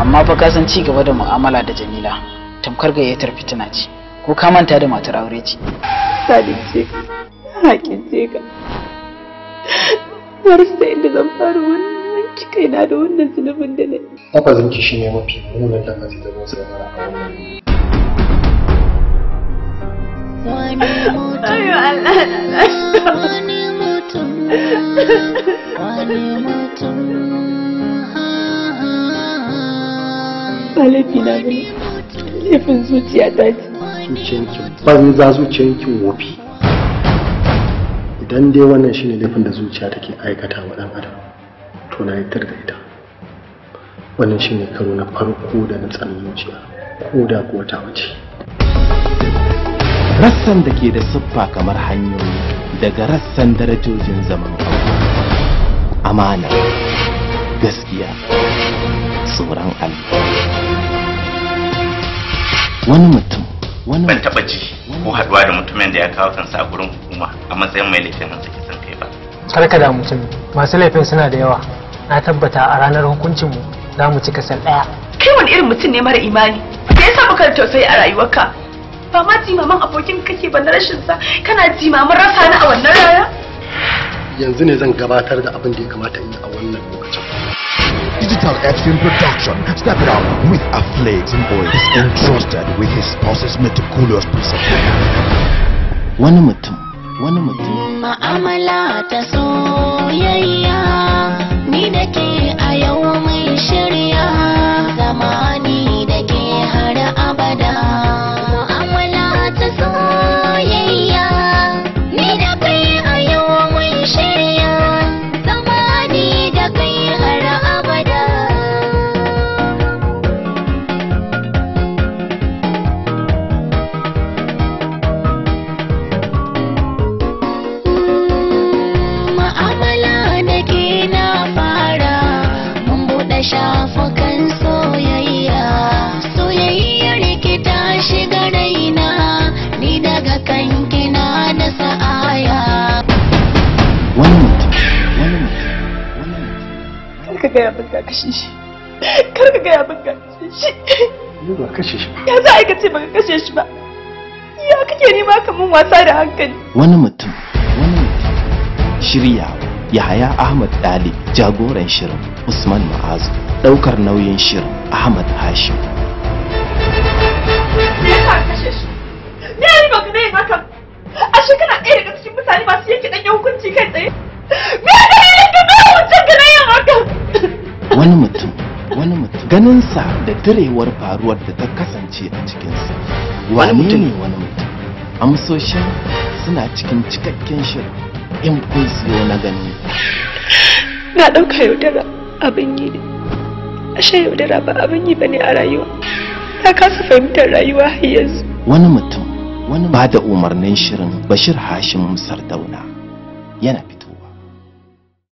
amma fa ka san ci gaba da mu'amala da jamila tamkar gayyatar fitina ce ko ka manta da matar aure ce sadiq ce haƙin ce ka har sai inda zan faru wannan kai na da wannan zunubin da na lafazin ki shine mafi munin lafazi da wasu yara a wannan wani mutum Wani mutum Wani mutum ba laifi ne laifin zuciya ta ce zuciyanki za zuciyanki wofi idan dai wannan shine laifin da zuciya take aikata wa dan adam to na yitar da ita wannan shine karo na farko da na tsanin zuciya ko da kuwa ta wuce rassan da ke da siffa kamar hanyoyi daga rassan darajojin zaman amana gaskiya tsoron Allah wani mutum wani ban taba ji ko haduwa da mutumin da ya kawo kansa a gurin hukuma a matsayin mai laifin sa kisan kai ba kar ka damu mutum masu laifin suna da yawa na tabbata a ranar hukuncin mu za mu cika sal daya kai wani irin mutum ne mara imani me yasa baka tausayi a rayuwarka ba ma jimaman abokin kake ba na rashin sa kana jimaman rasa ni a wannan rayuwa yanzu ne zan gabatar da abin da ya kamata yi a wannan lokacin Digital Action Production, step it up with a flakes and is entrusted with his spouse's meticulous precision. Wani mutum, wani mutum. Ma'amala ta so ka gaya min ka kashe shi kar ka gaya min ka kashe shi ni ba kashe shi ba ya za a ka ce ba ka kashe shi ba ya kake nema ka mun wasa da hankali wani mutum wani mutum shirya Yahaya Ahmad Dali jagoran shirin Usman Ma'azu daukar nauyin shirin Ahmad Hashim Me yasa kashe shi? ne ya riba ka da yin hakan? A shekara ɗaya daga wani mutum wani mutum ganinsa da direwar faruwar da ta kasance a cikinsa wani mutum ne wani mutum amsoshin suna cikin cikakken shirin in kun siyo na gani na ɗauka yaudara abin yi ne ashe yaudara ba abin yi bane a rayuwa ta kasa fahimtar rayuwa har yanzu wani mutum wani ba da umarnin shirin bashir hashim Dauna, yana fita